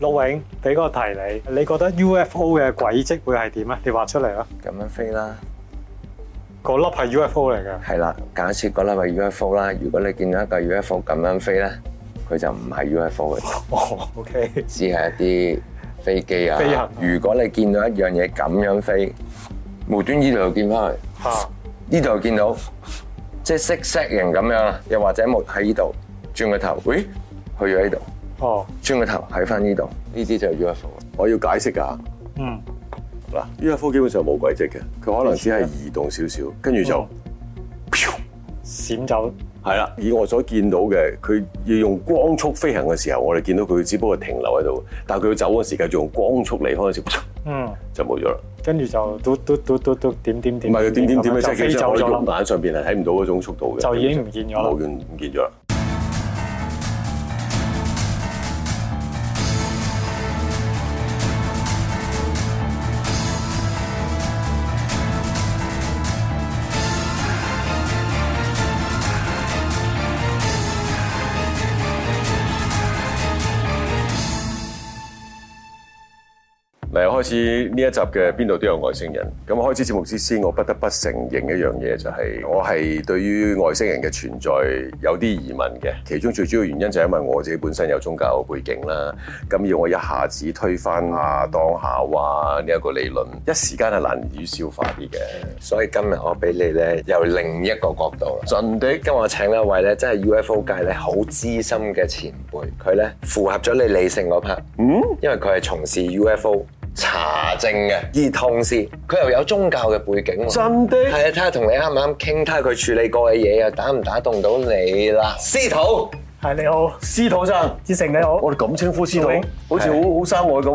陸永俾個題你，你覺得 UFO 嘅軌跡會係點啊？你畫出嚟啦。咁樣飛啦，個粒係 UFO 嚟嘅。係啦，假設個粒係 UFO 啦，如果你見到一個 UFO 咁樣飛咧，佢就唔係 UFO 嘅。哦，OK。只係一啲飛機啊。飛行。如果你見到一樣嘢咁樣飛，無端呢度又見翻嚟，呢度又見到，即係 set set 型咁樣，又或者冇喺呢度，轉個頭，喂，去咗呢度。哦，轉個頭喺翻呢度，呢啲就係 UFO。我要解釋㗎。嗯。嗱，UFO 基本上冇軌跡嘅，佢可能只係移動少少，跟住就，飄，閃走。係啦，以我所見到嘅，佢要用光速飛行嘅時候，我哋見到佢只不過停留喺度，但係佢要走嗰時，就用光速離開，就冇咗啦。跟住就嘟嘟嘟嘟嘟點點點。唔係，點點點嘅時候，其實我用眼上邊係睇唔到嗰種速度嘅。就已經唔見咗啦。唔見咗啦。開始呢一集嘅邊度都有外星人咁開始節目之先，我不得不承認一樣嘢，就係，就係我係對於外星人嘅存在有啲疑問嘅。其中最主要原因就係因為我自己本身有宗教背景啦，咁要我一下子推翻啊當下話呢一個理論，一時間係難以消化啲嘅。所以今日我俾你咧由另一個角度，順地今日請一位咧真係 UFO 界咧好資深嘅前輩，佢咧符合咗你理性嗰 part，嗯，因為佢係從事 UFO。查證嘅，而同時佢又有宗教嘅背景喎，真啲帝，係啊，睇下同你啱唔啱傾，睇下佢處理過嘅嘢又打唔打動到你啦，司徒。係你好，司徒生，子誠你好。我哋咁稱呼司徒，好似好好生愛咁喎。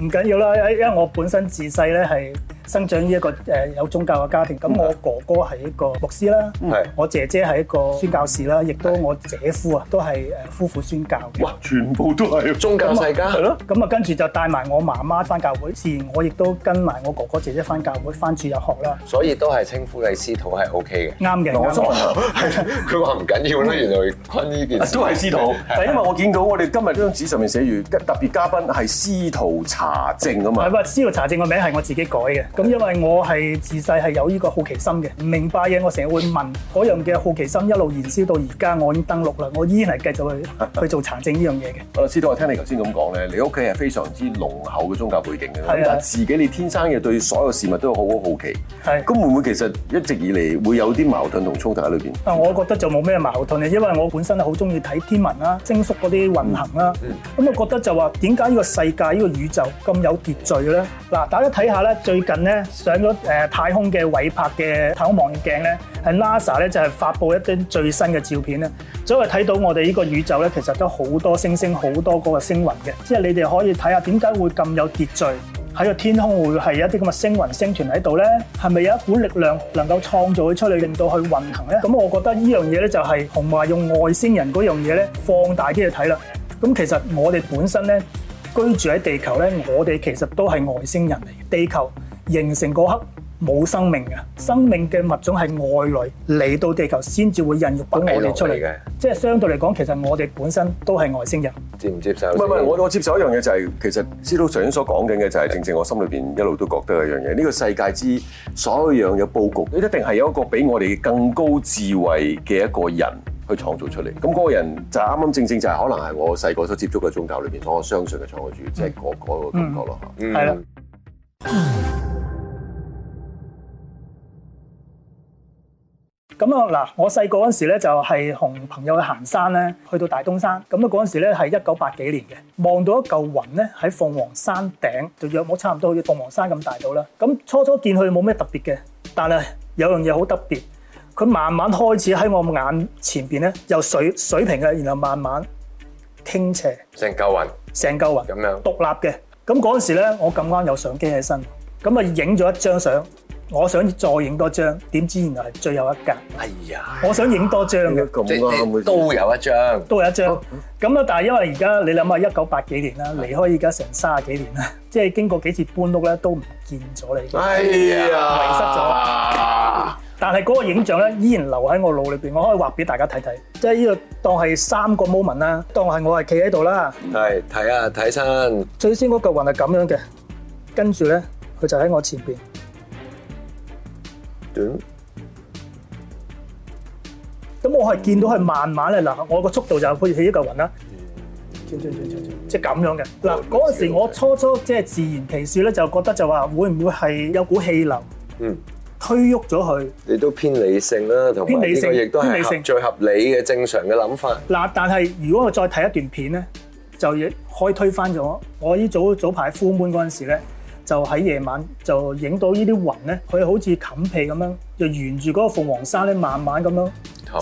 唔緊要啦，因為為我本身自細咧係生長於一個有宗教嘅家庭，咁我哥哥係一個牧師啦，我姐姐係一個宣教士啦，亦都我姐夫啊都係夫婦宣教嘅。哇！全部都係宗教世家，係咯。咁啊，跟住就帶埋我媽媽翻教會，自然我亦都跟埋我哥哥姐姐翻教會翻主日學啦。所以都係稱呼你司徒係 O K 嘅。啱嘅，我佢話唔緊要啦，原來關於呢件事。都係司徒， 但係因為我見到我哋今日呢張紙上面寫住特別嘉賓係司徒查證啊嘛，係嘛？司徒查證個名係我自己改嘅。咁的因為我係自細係有呢個好奇心嘅，唔明白嘢我成日會問嗰樣嘅好奇心 一路燃燒到而家，我已經登錄啦，我依然係繼續去 去做查證呢樣嘢嘅。好啦，司徒，我聽你頭先咁講咧，你屋企係非常之濃厚嘅宗教背景嘅，但的自己你天生嘅對所有事物都好好好奇，係的。咁會唔會其實一直以嚟會有啲矛盾同衝突喺裏邊？啊的，我覺得就冇咩矛盾嘅，因為我本身好中意睇天文啦、啊，星宿嗰啲運行啦、啊，咁、嗯嗯嗯、我覺得就話點解呢個世界、呢、這個宇宙咁有秩序咧？嗱、啊，大家睇下咧，最近咧上咗誒、呃、太空嘅韋伯嘅太空望遠鏡咧，係 NASA 咧就係、是、發布一啲最新嘅照片咧，所以睇到我哋呢個宇宙咧，其實都好多星星、好多嗰個星雲嘅，即係你哋可以睇下點解會咁有秩序。喺個天空會係一啲咁嘅星雲星團喺度咧，係咪有一股力量能夠創造佢出嚟，令到佢去運行咧？咁我覺得呢樣嘢咧就係紅話用外星人嗰樣嘢咧放大啲去睇啦。咁其實我哋本身咧居住喺地球咧，我哋其實都係外星人嚟嘅。地球形成嗰刻，冇生命嘅，生命嘅物種係外來嚟到地球先至會孕育到我哋出嚟嘅。美美的即係相對嚟講，其實我哋本身都係外星人。接唔接受？唔係唔係，我我接受一樣嘢就係、是，其實知道常所講緊嘅就係、是嗯、正正我心裏邊一路都覺得一樣嘢。呢的個世界之所有樣嘅佈局，你一定係有一個比我哋更高智慧嘅一個人去創造出嚟。咁嗰個人就啱啱正正就係可能係我細個所接觸嘅宗教裏邊所以我相信嘅創造主，即係嗰嗰個感覺咯嚇。係啦。咁啊嗱，我細個嗰陣時咧，就係同朋友去行山咧，去到大東山。咁啊嗰陣時咧，係一九八幾年嘅，望到一嚿雲咧喺鳳凰山頂，就約莫差唔多好似鳳凰山咁大到啦。咁初初見佢冇咩特別嘅，但係有樣嘢好特別，佢慢慢開始喺我眼前邊咧，由水水平嘅，然後慢慢傾斜，成嚿雲，成嚿雲咁樣獨立嘅。咁嗰陣時咧，我咁啱有相機喺身，咁啊影咗一張相。我想再影多張，點知原來係最後一格。哎呀，我想影多張嘅，咁都有一張，都有一張。咁咧，但係因為而家你諗下，一九八幾年啦，離開而家成三十幾年啦，即係經過幾次搬屋咧，都唔見咗你。哎呀，遺失咗。但係嗰個影像咧，依然留喺我腦裏邊，我可以畫俾大家睇睇。即係呢度當係三個 moment 啦，當係我係企喺度啦。係，睇下睇親。最先嗰嚿雲係咁樣嘅，跟住咧，佢就喺我前邊。短，咁我係見到佢慢慢咧，嗱，我個速度就可以起一嚿雲啦，即係咁樣嘅。嗱，嗰陣時我初初即係自然奇事咧，就覺得就話會唔會係有股氣流，了嗯，推喐咗佢。你都偏理性啦，同埋呢個亦都係最合理嘅正常嘅諗法。嗱，但係如果我再睇一段片咧，就亦可以推翻咗。我呢早早排呼 u 嗰陣時咧。就喺夜晚就影到呢啲雲咧，佢好似冚被咁樣，就沿住嗰個鳳凰山咧，慢慢咁樣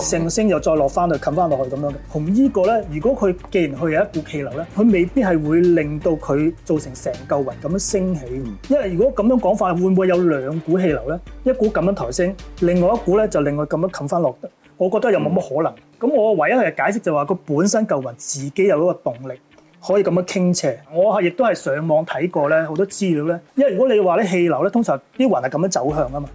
成星又再落翻去，冚翻落去咁樣嘅。同個呢個咧，如果佢既然佢有一股氣流咧，佢未必係會令到佢造成成嚿雲咁樣升起。因為如果咁樣講法，會唔會有兩股氣流咧？一股咁樣抬升，另外一股咧就另外咁樣冚翻落。我覺得又冇乜可能。咁我唯一嘅解釋就話佢本身嚿雲自己有一個動力，可以咁樣傾斜，我亦都係上網睇過咧好多資料咧，因為如果你話啲氣流咧，通常啲雲係咁樣走向啊嘛，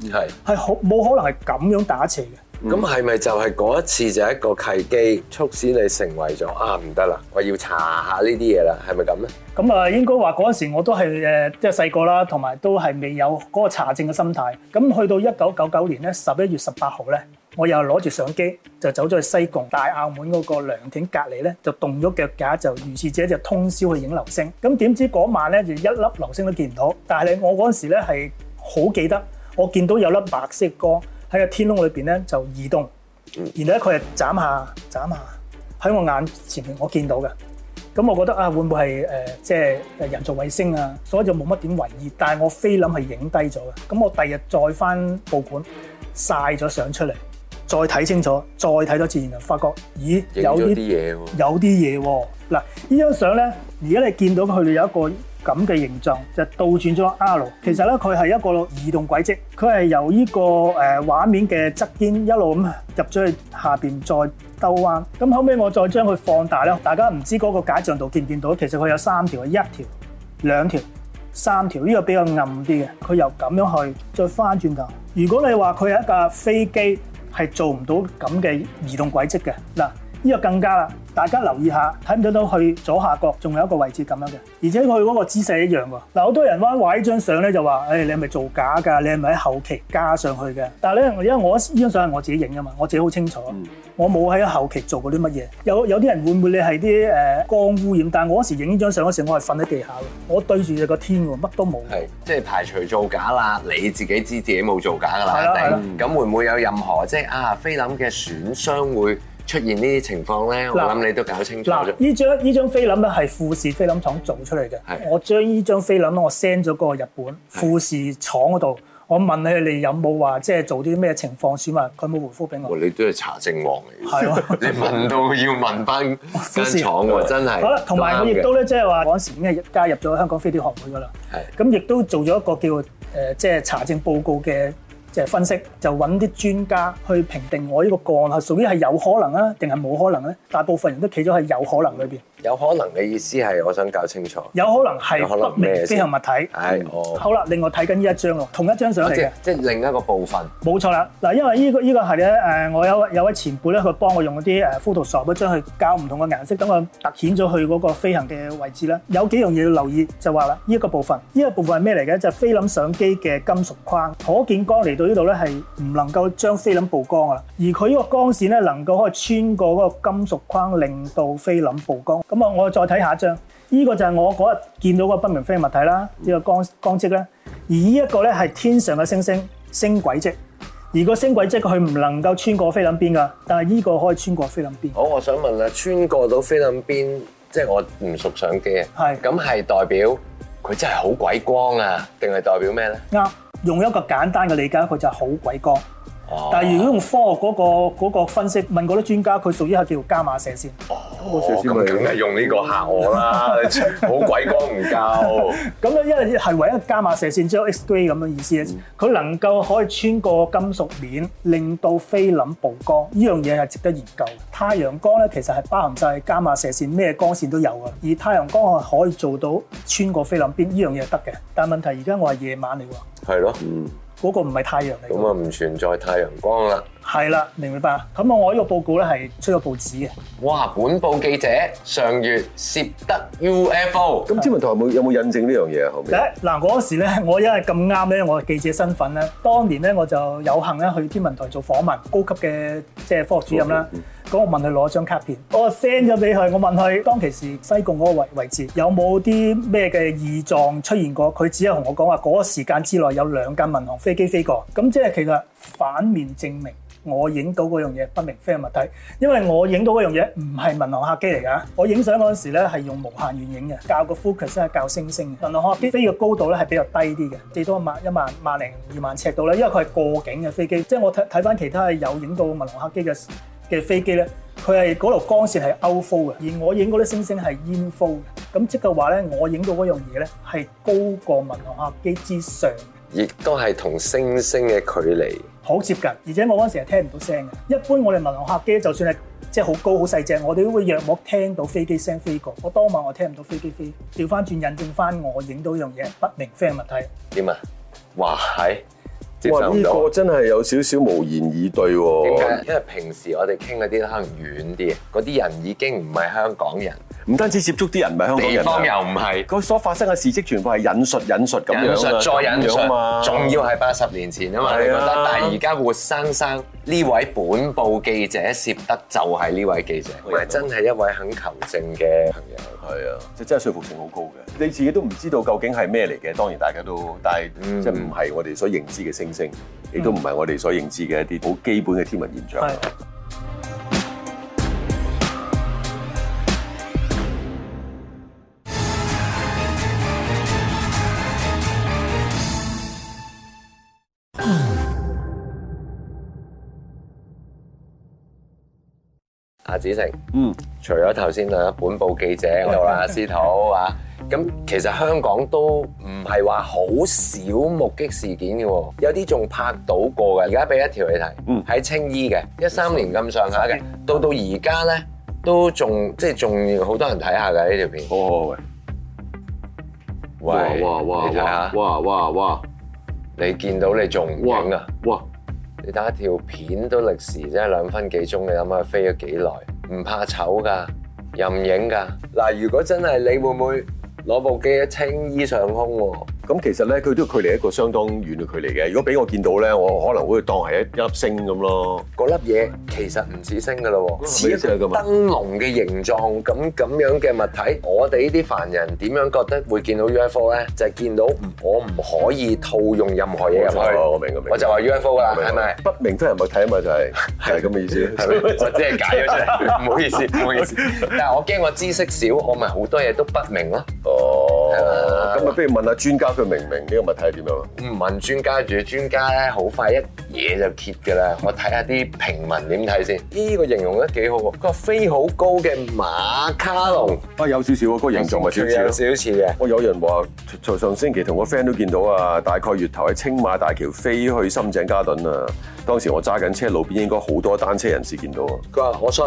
係好冇可能係咁樣打斜嘅。咁係咪就係嗰一次就係一個契機，促使你成為咗啊，唔得啦，我要查下呢啲嘢啦，係咪咁咧？咁啊應該話嗰陣時我都係即係細個啦，同、呃、埋都係未有嗰個查證嘅心態。咁去到一九九九年咧，十一月十八號咧。我又攞住相機，就走咗去西貢大澳門嗰個涼亭隔離咧，就動咗腳架，就如是者就通宵去影流星。咁點知嗰晚咧就一粒流星都見唔到。但係我嗰陣時咧係好記得，我見到有粒白色的光喺個天空裏邊咧就移動，然後咧佢係眨下眨下喺我眼前面我見到嘅。咁我覺得啊，會唔會係誒、呃、即係人造衛星啊？所以就冇乜點為意，但係我非諗係影低咗嘅。咁我第日再返報館晒咗相出嚟。再睇清楚，再睇多次，然後發覺，咦，有啲嘢，有啲嘢嗱。哦有哦、張呢張相咧，而家你見到佢哋有一個咁嘅形狀，就是、倒轉咗 L。其實咧，佢係一個移動軌跡，佢係由呢個畫面嘅側邊一路咁入咗去下邊再兜彎。咁後尾我再將佢放大咧，大家唔知嗰個解像度見唔見到？其實佢有三條，一條、兩條、三條。呢、這個比較暗啲嘅，佢又咁樣去再翻轉頭。如果你話佢係一架飛機。係做唔到咁嘅移動軌跡㗎。呢個更加啦！大家留意下，睇唔睇到去左下角仲有一個位置咁樣嘅，而且佢嗰個姿勢一樣喎。嗱，好多人話畫呢張相咧就話，誒、哎，你係咪造假㗎？你係咪喺後期加上去嘅？但係咧，因為我呢張相係我自己影嘅嘛，我自己好清楚，嗯、我冇喺後期做過啲乜嘢。有有啲人會唔會你係啲誒光污染？但係我嗰時影呢張相嗰時，我係瞓喺地下嘅，我對住你個天喎，乜都冇。係，即係排除造假啦，你自己知自己冇造假㗎啦。係啦，咁會唔會有任何即係啊菲林嘅損傷會？出現呢啲情況咧，我諗你都搞清楚咗。嗱，呢張呢張菲林咧係富士菲林廠做出嚟嘅。是我將呢張菲林我 send 咗過日本富士廠嗰度，是我問你，你有冇話即係做啲咩情況？算啦佢冇回覆俾我。你都係查證王嚟嘅，啊、 你問到要問翻間廠喎，士真係的。好啦，同埋我亦都咧，即係話嗰時已經加入咗香港飛碟學會噶啦。咁亦都做咗一個叫誒、呃、即係查證報告嘅。就分析，就揾啲專家去評定我呢個個案啦。屬於係有可能啊，定係冇可能呀？大部分人都企咗喺有可能裏面。有可能嘅意思係，我想搞清楚。有可能係不明飛行物體。係好啦，另外睇緊呢一張咯，同一張相嚟嘅。即係另一個部分。冇錯啦，嗱，因為呢個呢個係咧，誒，我有有位前輩咧，佢幫我用嗰啲誒 Photoshop 將佢較唔同嘅顏色，等佢突顯咗佢嗰個飛行嘅位置啦。有幾樣嘢要留意就說，就話啦，呢一個部分，呢個部分係咩嚟嘅？就係菲林相機嘅金屬框，可見光嚟到呢度咧，係唔能夠將菲林曝光㗎喇。而佢呢個光線咧，能夠可以穿過嗰個金屬框，令到菲林曝光。咁啊，我再睇下一張，依、這個就係我嗰日見到個不明飛物體啦，呢、這個光光跡咧，而呢一個咧係天上嘅星星星軌跡，而個星軌跡佢唔能夠穿過菲林邊噶，但係依個可以穿過菲林邊。好、哦，我想問啊，穿過到菲林邊，即、就、係、是、我唔熟相機啊，係是，咁係代表佢真係好鬼光啊，定係代表咩咧？啱，用一個簡單嘅理解，佢就係好鬼光。哦、但係如果用科學嗰個分析，問嗰啲專家，佢屬於係叫伽馬射線。哦，咁梗係用呢個嚇我啦， 好鬼光唔夠。咁因為係唯一伽馬射線，即係 X ray 咁嘅意思，佢能夠可以穿過金屬面，令到菲林曝光。呢樣嘢係值得研究。太陽光咧其實係包含晒伽馬射線，咩光線都有嘅。而太陽光我係可以做到穿過菲林邊，呢樣嘢得嘅。但係問題而家我係夜晚嚟喎。係咯，嗯。嗰個唔係太陽嚟，咁啊，唔存在太陽光啦。係啦，明唔明白？咁啊，我呢個報告咧係出咗報紙嘅。哇！本報記者上月攝得 UFO，咁天文台有冇有冇印證呢樣嘢啊？後面，嗱，嗰時咧，我因為咁啱咧，我係記者身份咧，當年咧我就有幸咧去天文台做訪問，高級嘅即係科學主任啦。嗰個問佢攞張卡片，我 send 咗俾佢。我問佢當其時西貢嗰個位位置有冇啲咩嘅異狀出現過？佢只有同我講話嗰個時間之內有兩架民航飛機飛過，咁即係其實反面證明我影到嗰樣嘢不明飛行物體，因為我影到嗰樣嘢唔係民航客機嚟噶。我影相嗰陣時咧係用無限遠影嘅，校個 focus 係校星星嘅。民航客機飛嘅高度咧係比較低啲嘅，最多萬一萬萬零二萬尺度啦，因為佢係過境嘅飛機，即係我睇睇翻其他係有影到民航客機嘅。嘅飛機咧，佢係嗰度光線係 out fold 嘅，而我影嗰啲星星係 in fold 嘅，咁即係話咧，我影到嗰樣嘢咧係高過民航客機之上，亦都係同星星嘅距離好接近，而且我嗰陣時係聽唔到聲嘅。一般我哋民航客機就算係即係好高好細隻，我哋都會約莫聽到飛機聲飛過。我當晚我聽唔到飛機飛，調翻轉印證翻我影到樣嘢不明飛物體點啊？話係。哇！呢個真係有少少無言以對喎。點解？因為平時我哋傾嗰啲可能遠啲，嗰啲人已經唔係香港人。唔單止接觸啲人唔係香港人，地方又唔係，佢所發生嘅事蹟全部係引述、引述咁樣啊，再引述啊嘛，仲要係八十年前啊嘛，係覺得？係但係而家活生生呢位本報記者攝得就係呢位記者，佢係真係一位肯求證嘅朋友，係啊的，即真係說服性好高嘅，你自己都唔知道究竟係咩嚟嘅，當然大家都，但係、嗯、即係唔係我哋所認知嘅星星，亦都唔係我哋所認知嘅一啲好基本嘅天文現象。子誠，嗯，除咗頭先問本報記者，我話、嗯啊、司徒啊，咁其實香港都唔係話好少目擊事件嘅，有啲仲拍到過嘅。而家俾一條你睇，嗯，喺青衣嘅一三年咁上下嘅，到到而家咧都仲即係仲好多人睇下嘅呢條片，好好嘅，喂喂哇哇哇哇哇哇哇，你見到你仲影啊？哇！你打一條片都歷時真係兩分幾鐘，你諗下佢飛咗幾耐？唔怕醜㗎，又唔影㗎。嗱，如果真係你會唔會攞部機喺青衣上空喎、哦？咁其實咧，佢都距離一個相當遠嘅距離嘅。如果俾我見到咧，我可能會當係一粒星咁咯。嗰粒嘢其實唔似星噶啦，似一個燈籠嘅形狀。咁咁樣嘅物，物體，我哋呢啲凡人點樣覺得會見到 UFO 咧？就係、是、見到我唔可以套用任何嘢我明，我，明我就話 UFO 啦，係咪吧不明都係物體啊嘛？就係係咁嘅意思，我只係解咗啫。唔好意思，唔好意思。 但係我驚我知識少，我咪好多嘢都不明咯。哦、oh.。咁啊，嗎不如問下專,專家，佢明唔明呢個物體係點樣？嗯，問專家住，專家咧好快一嘢就揭㗎啦。我睇下啲平民點睇先。呢、這個形容得幾好喎！個飛好高嘅馬卡龍、哦、啊，有少少喎，那個形狀咪少少，少少似嘅。我有人話，在上星期同個 friend 都見到啊，大概月頭喺青馬大橋飛去深井嘉頓啊。當時我揸緊車路，路邊應該好多單車人士見到。啊。佢話：我信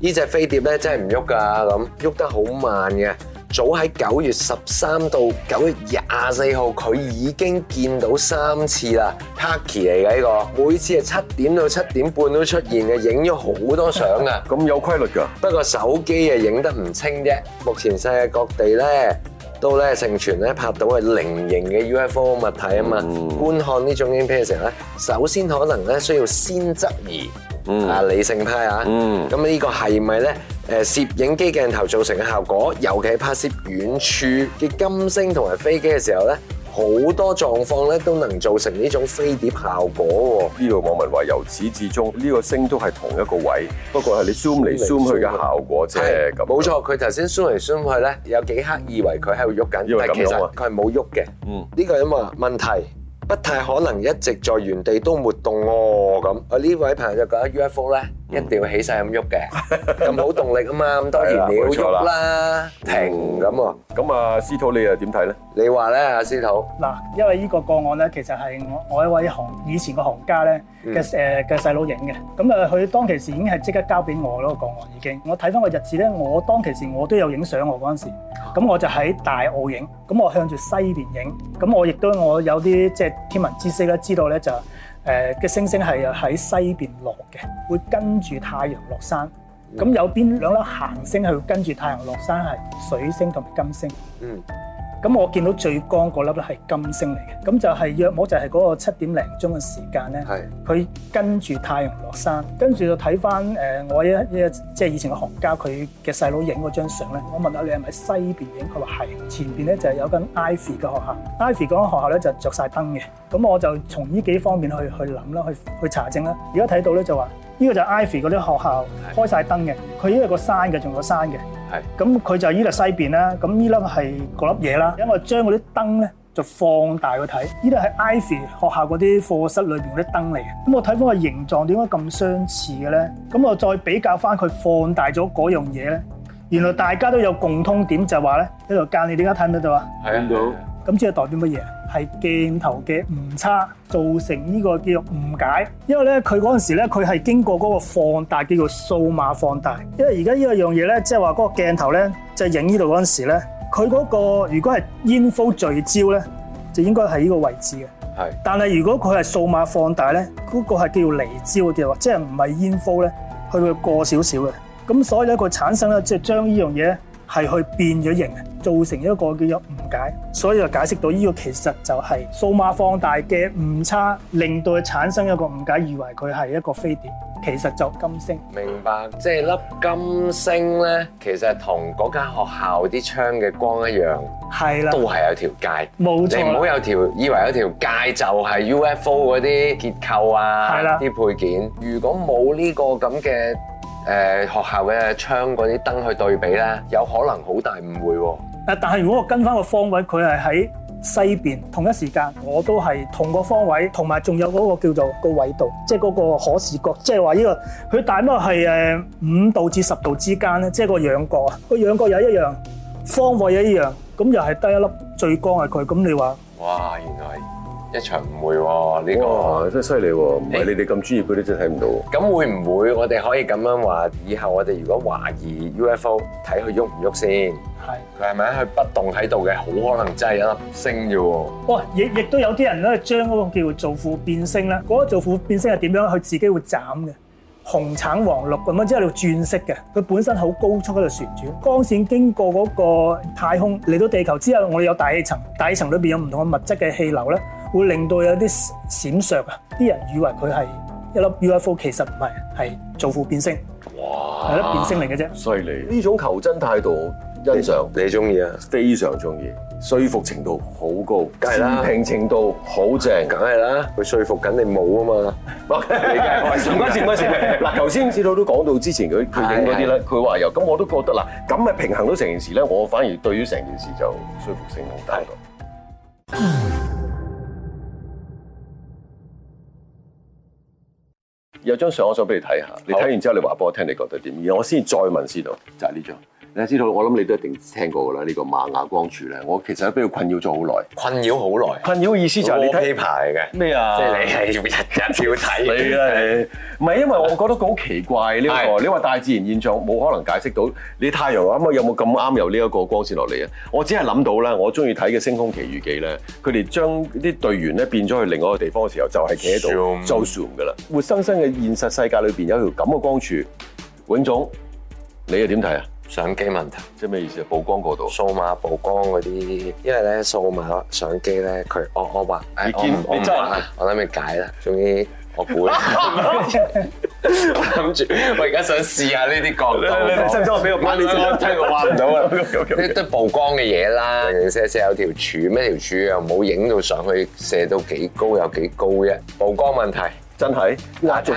呢隻飛碟咧，真係唔喐㗎，咁喐得好慢嘅。早喺九月十三到九月廿四號，佢已經見到三次啦，Paki r 嚟嘅呢個是，每次係七點到七點半都出現嘅，影咗好多相啊，咁 有規律㗎。不過手機啊影得唔清啫。目前世界各地咧都咧盛傳咧拍到係菱形嘅 UFO 物體啊嘛，嗯、觀看呢種影片嘅時候咧，首先可能咧需要先質疑。嗯，啊，理性派啊，嗯，咁啊呢個係咪咧？誒，攝影機鏡頭造成嘅效果，尤其係拍攝遠處嘅金星同埋飛機嘅時候咧，好多狀況咧都能造成呢種飛碟效果喎。呢個網民話：由始至終呢個星都係同一個位，不過係你 zoom 嚟 zoom 去嘅效果啫咁。冇錯，佢頭先 zoom 嚟 zoom 去咧，有幾刻以為佢喺度喐緊，但係其實佢係冇喐嘅。嗯，呢個因為問題。不太可能一直在原地都沒動喎咁。我呢位朋友就覺得 UFO 咧，一定要起曬咁喐嘅，咁冇動力啊嘛，咁多年冇喐啦，停咁啊。咁啊，司徒你又點睇咧？你話咧啊，司徒嗱，因為呢個個案咧，其實係我我一位行以前個行家咧嘅誒嘅細佬影嘅。咁誒，佢當其時已經係即刻交俾我嗰個個案已經。我睇翻個日誌咧，我當其時我都有影相喎嗰陣時。咁我就喺大澳影，咁我向住西邊影，咁我亦都我有啲即係。天文知識咧，知道咧就誒嘅、呃、星星係喺西邊落嘅，會跟住太陽落山。咁有邊兩粒行星係會跟住太陽落山？係水星同埋金星。嗯。咁我見到最光嗰粒咧係金星嚟嘅，咁就係約我，就係嗰個七點零鐘嘅時間咧，佢是跟住太陽落山，跟住就睇翻、呃、我一一即係以前嘅行家佢嘅細佬影嗰張相咧，我問下你係咪西邊影？佢話係，前邊咧就係、有間 Ivy 嘅學校，Ivy 嗰間學校咧就着、是、晒燈嘅，咁我就從呢幾方面去去諗啦，去去，去查證啦。而家睇到咧就話呢、呢個就係 Ivy 嗰啲學校開晒燈嘅，佢因為個山嘅仲有山嘅。咁佢是就依度西邊啦，咁依粒係嗰粒嘢啦，因為我將嗰啲燈咧就放大去睇，依度係 Ivy 學校嗰啲課室裏邊啲燈嚟，咁我睇翻個形狀點解咁相似嘅咧？咁我再比較翻佢放大咗嗰樣嘢咧，原來大家都有共通點就話咧，呢度教你點解睇唔到啊？睇咁。到。咁即係代表乜嘢？係鏡頭嘅誤差造成呢個叫誤解，因為呢，佢嗰陣時呢，佢係經過嗰個放大叫做數碼放大，因為而家呢個樣嘢呢，即係話嗰個鏡頭呢，就係影呢度嗰陣時呢，佢嗰、那個如果係煙 f o c u 聚焦咧，就應該係呢個位置嘅。是但係如果佢係數碼放大呢，嗰、那個係叫離焦嘅㗎，即係唔係煙 f 呢，佢 u 過少少嘅。咁所以呢，一個產生呢，即、就、係、是、將呢樣嘢。係去變咗形，造成一個叫做誤解，所以就解釋到呢個其實就係數碼放大嘅誤差，令到佢產生一個誤解，以為佢係一個飛碟，其實就金星。明白，即係粒金星咧，其實同嗰間學校啲窗嘅光一樣，係啦，都係有條街，冇錯。你唔好有條以為有條街就係 UFO 嗰啲結構啊，啲配件。如果冇呢個咁嘅。誒、呃、學校嘅窗嗰啲燈去對比咧，有可能好大誤會喎。但係如果我跟翻個方位，佢係喺西邊，同一時間我都係同個方位，同埋仲有嗰個叫做個緯度，即係嗰個可視角，即係話呢個佢大多係誒五度至十度之間咧，即係個仰角啊，個仰角又一樣，方位又一樣，咁又係得一粒最光係佢，咁你話？哇！原來。一場誤會喎，呢個哇真係犀利喎，唔係你哋咁專業，佢都真係睇唔到。咁會唔會我哋可以咁樣話？以後我哋如果懷疑 UFO，睇佢喐唔喐先。係佢係咪喺佢不動喺度嘅？好可能真係一粒星啫喎。哇！亦亦都有啲人咧，將嗰個叫做造父變星啦。嗰個造父變星係點樣？佢自己會斬嘅，紅橙黃綠咁樣之後喺度轉色嘅。佢本身好高速喺度旋轉，光線經過嗰個太空嚟到地球之後，我哋有大氣層，大氣層裏邊有唔同嘅物質嘅氣流咧，會令到有啲閃爍啊！啲人以為佢係一粒 UFO，其實唔係，係造父變星，係粒哇變星嚟嘅啫。犀利、啊！呢種求真態度，欣賞。你中意啊？非常中意。說服程度好高，梗係啦。持平程度好正，梗係啦。佢、啊、說服緊你冇啊嘛？唔、okay, 關、啊、事，唔關事。嗱， 頭先至到都講到之前佢影嗰啲啦，佢話由咁我都覺得嗱，咁咪平衡到成件事咧。我反而對於成件事就說服性冇大。有張相我想俾你睇下，你睇完之後你話俾我聽，你覺得點？然後我先再問司徒，就係呢張。你知道，我諗你都一定聽過㗎啦。呢個瑪雅光柱咧，我其實都俾佢困擾咗好耐。困擾好耐。困擾嘅意思就係你睇呢排嘅咩啊？麼即係你係要日日要睇嘅。唔係， 因為我覺得好奇怪呢個。的你話大自然現象冇的可能解釋到，你太陽啱唔啱有冇咁啱由呢一個光線落嚟啊？我只係諗到啦，我中意睇嘅《星空奇遇記》呢咧，佢哋將啲隊員咧變咗去另外一個地方嘅時候，就係企喺度 zoom 㗎啦。活生生嘅現實世界裏邊有條咁嘅光柱，永總，你又點睇啊？相機問題，即係咩意思啊？曝光嗰度，數碼曝光嗰啲，因為咧數碼相機咧，佢我我話，你堅你真啊，我諗你解啦，終於我估啦，我諗住 我而家想試下呢啲角度，使唔使我俾個 m o n e 我畫唔是 到啊？我到 都曝光嘅嘢啦，射射有條柱咩條柱又冇影到上去，射到幾高有幾高啫，曝光問題。真係，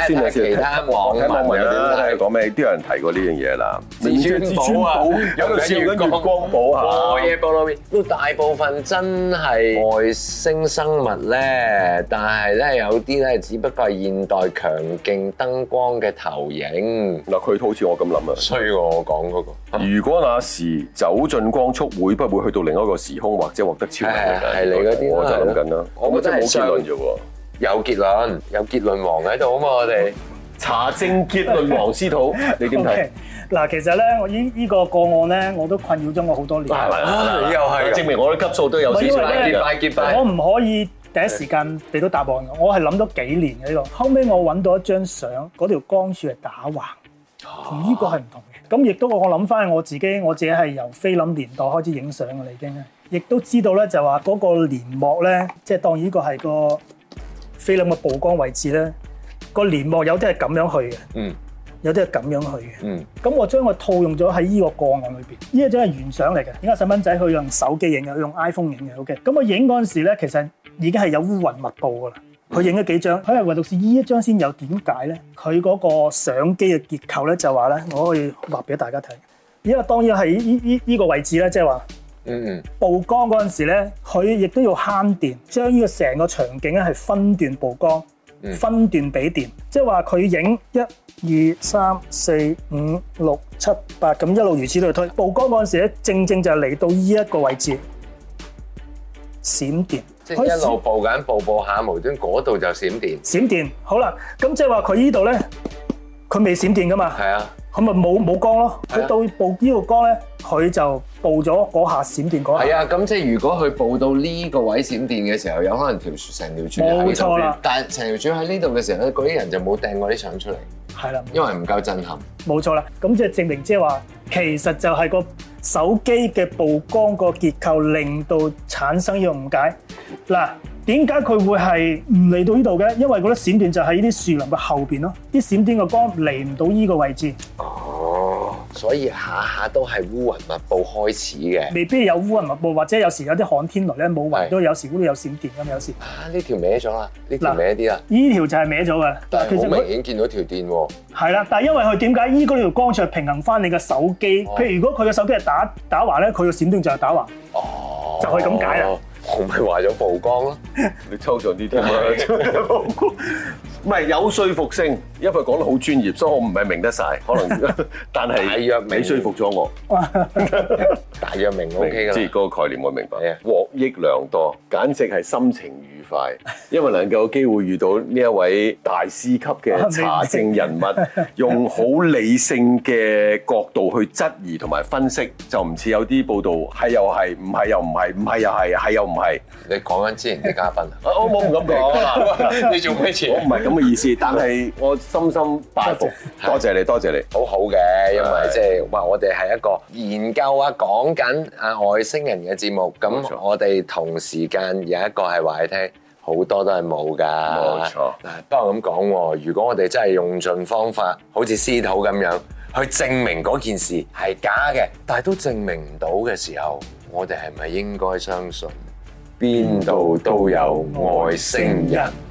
先其他網民啦，睇網民啦，睇佢講咩，都有人提過呢樣嘢啦。至尊寶啊，有度月光寶盒。外野菠都大部分真係外星生物咧，但係咧有啲咧只不過係現代強勁燈光嘅投影。嗱，佢好似我咁諗啊。衰我講嗰個。如果那時走進光速，會不會去到另一個時空，或者獲得超能力？係你嗰啲我就諗緊啦。我覺得冇理論啫喎。有結論，有結論王喺度啊嘛！我哋查證結論王司徒，你點睇嗱？Okay. 其實咧，依、這、依個個案咧，我都困擾咗我好多年。又係證明我啲級數都有指差嚟啦。我唔可以第一時間俾到答案是我係諗咗幾年喺度。後尾我揾到一張相，嗰條光柱係打橫，這個是不同呢個係唔同嘅。咁亦都我諗翻，我自己我自己係由菲林年代開始影相嘅啦，已經咧，亦都知道咧就話嗰個簾幕咧，即、就、係、是、當呢個係個。菲林嘅曝光位置咧，個連幕有啲係咁樣去嘅，嗯、有啲係咁樣去嘅。咁、嗯、我將佢套用咗喺呢個個案裏邊，呢一張係原相嚟嘅。依家細蚊仔去用手機影嘅，用 iPhone 影嘅。OK，咁我影嗰陣時咧，其實已經係有烏雲密布噶啦。佢影咗幾張，佢係唯獨係呢一張先有。點解咧？佢嗰個相機嘅結構咧就話咧，我可以畫俾大家睇。因為當然喺呢呢呢個位置咧，即係話。嗯，嗯，曝光嗰陣時咧，佢亦都要慳電，將呢個成個場景咧係分段曝光，嗯嗯分段俾電，即係話佢影一二三四五六七八咁一路如此類推曝光嗰陣時咧，正正就嚟到呢一個位置，閃電，即係一路曝緊，曝曝電下無端嗰度就閃電，閃電，好啦，咁即係話佢呢度咧，佢未閃電噶嘛，係是啊，咁咪冇冇光咯，佢到曝呢個光咧。佢就曝咗嗰下閃電嗰下。係啊，咁即係如果佢曝到呢個位閃電嘅時候，有可能條柱成條柱冇錯啦。但係成條柱喺呢度嘅時候咧，嗰啲人就冇掟過啲相出嚟。係啦，因為唔夠震撼。冇錯啦，咁即係證明即係話，其實就係個手機嘅曝光個結構令到產生呢個誤解。嗱，點解佢會係唔嚟到呢度嘅？因為嗰啲閃電就喺呢啲樹林嘅後邊咯，啲閃電嘅光嚟唔到依個位置。哦。所以下下都係烏雲密布開始嘅，未必有烏雲密布，或者有時有啲旱天雷咧，冇雲都有時會有閃電咁，有時啊，呢條歪咗啦，呢條歪啲啦，呢條，條就係歪咗嘅，但係好明顯見到條電喎，係啦，但係因為佢點解呢嗰條光就係平衡翻你嘅手機？哦、譬如如果佢嘅手機係打打橫咧，佢嘅閃電就係打橫。哦，就係咁解啊、哦，我咪壞咗曝光咯， 你抽象啲啲啊，唔係 有說服性。因為講得好專業，所以我唔係明得晒，可能。但係大約你說服咗我，大約明 O K 啦。即係嗰個概念我明白啊，獲益良多，簡直係心情愉快，因為能夠有機會遇到呢一位大師級嘅查證人物，用好理性嘅角度去質疑同埋分析，就唔似有啲報道係又係，唔係又唔係，唔係又係，係又唔係。你講緊之前啲嘉賓啊？我冇咁講啊！你做咩事？我唔係咁嘅意思，但係我。深深拜服，多謝你，多謝你，好好嘅，因為即係話我哋係一個研究啊，講緊啊外星人嘅節目，咁錯我哋同時間有一個係話你聽好多都係冇㗎。冇錯錯，嗱、啊，不過咁講，如果我哋真係用盡方法，好似司徒咁樣去證明嗰件事係假嘅，但係都證明唔到嘅時候，我哋係咪應該相信邊度都有外星人？